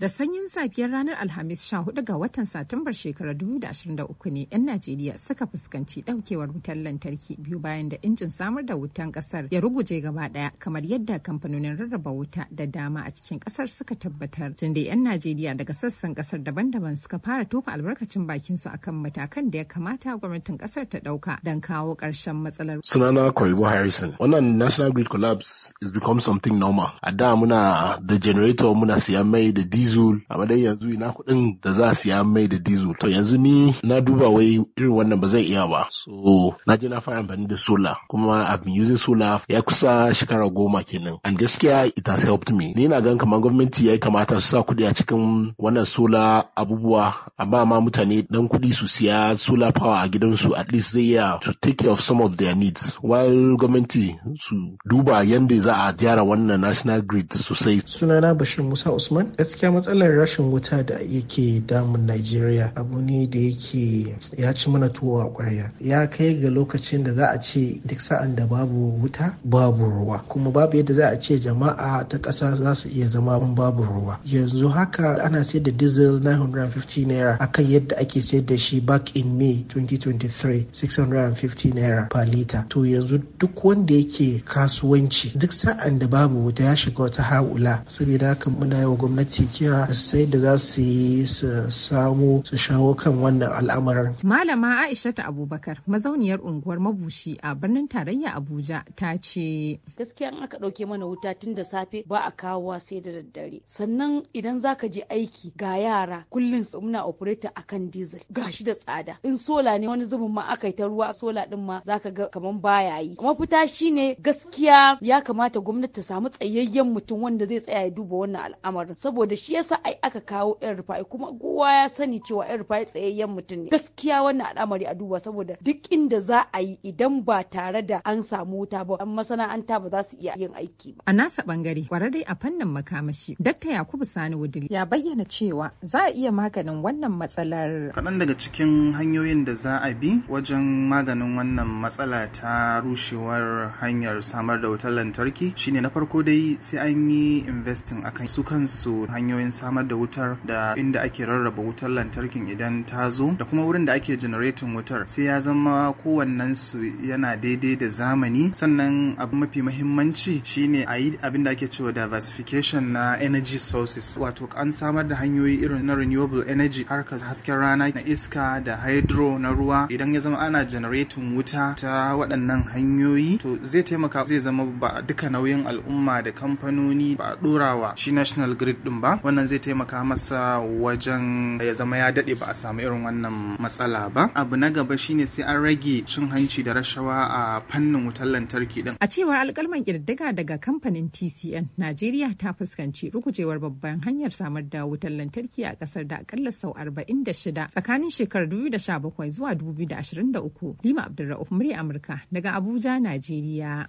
Da sanyin safiyar ranar Alhamis 14 ga watan Satumbar shekarar 2023 ne 'yan Najeriya suka fuskanci daukewar wutar lantarki biyu bayan da injin samar da wutan kasar ya ruguje gaba daya kamar yadda kamfanonin rarraba wuta da dama a cikin kasar suka tabbatar. Tun da 'yan Najeriya daga sassan kasar daban-daban suka fara tofa albarkacin bakin su akan matakan da ya kamata gwamnatin kasar ta dauka don kawo ƙarshen matsalar. Sunana Koyibo Harrison. Wannan National Grid Collapse is become something normal. A da muna da generator muna siyan mai da diesel a dai yanzu ina kuɗin da za su ya mai da diesel to yanzu ni na duba wai irin wannan ba zai iya ba so na je na fara amfani da solar kuma I've been using solar ya kusa shekara goma kenan and gaskiya it has helped me ni na gan kamar gwamnati ya kamata su sa kuɗi a cikin wannan solar abubuwa amma ma mutane dan kuɗi su siya solar power a gidansu at least zai iya to take care of some of their needs while gwamnati su duba yadda za a gyara wannan national grid sosai sunana bashir musa usman gaskiya matsalar rashin wuta da yake damun Najeriya abu ne da yake ya ci mana tuwo a kwarya Ya kai ga lokacin da za a ce duk sa'an da babu wuta babu ruwa. Kuma babu yadda za a ce jama'a ta ƙasa za su iya zama babu ruwa. Yanzu haka ana sayar da diesel 950 naira akan yadda ake sayar da shi back in May 2023 650 naira per liter. To yanzu duk wanda yake kasuwanci duk sa'an da babu wuta ya shiga wata ha'ula. Saboda haka muna yi gwamnati gwamnati gaskiya sai da za su yi su samu su shawo kan wannan al'amarin. Malama Aishatu Abubakar mazauniyar unguwar mabushi a birnin tarayya Abuja ta ce. Gaskiya in aka ɗauke mana wuta tun da safe ba a kawowa sai da daddare. Sannan idan za ka je aiki ga yara kullum muna operator akan diesel gashi da tsada. In sola ne wani zubin ma aka yi ta ruwa sola din ma za ka ga kamar baya yi. Mafita ne gaskiya ya kamata gwamnati ta samu tsayayyen mutum wanda zai tsaya ya duba wannan al'amarin saboda shi yasa ai aka kawo yan rufa'i kuma kowa ya sani cewa yan rufa'i tsayayyen mutum ne gaskiya wannan al'amari a duba saboda duk inda za a yi idan ba tare da an samu wuta ba an masana'anta ba za su iya yin aiki ba a nasa bangare kwararre a fannin makamashi dakta yakubu sani wudili ya bayyana cewa za a iya maganin wannan matsalar kaɗan daga cikin hanyoyin da za a bi wajen maganin wannan matsala ta rushewar hanyar samar da wutar lantarki shine na farko dai sai an yi investing akan su kansu hanyoyin hanyoyin samar da wutar da inda ake rarraba wutar lantarkin idan ta zo da kuma wurin da ake generating wutar sai ya zama kowannen su yana daidai da zamani sannan abu mafi mahimmanci shine a yi abin da ake cewa diversification na energy sources wato an samar da hanyoyi irin na renewable energy harkar hasken rana na iska da hydro na ruwa idan ya zama ana generating wuta ta waɗannan hanyoyi to zai taimaka zai zama ba duka nauyin al'umma da kamfanoni ba a ɗorawa shi national grid din ba wannan zai taimaka masa wajen ya zama ya daɗe ba a samu irin wannan matsala ba abu na gaba shine sai an rage cin hanci da rashawa a fannin wutar lantarki din a cewar alkalman ƙididdiga daga kamfanin tcn najeriya ta fuskanci rukujewar babban hanyar samar da wutar lantarki a ƙasar da akalla sau 46 tsakanin shekarar 2017 zuwa 2023 lima Abdulrahman murya amurka daga abuja najeriya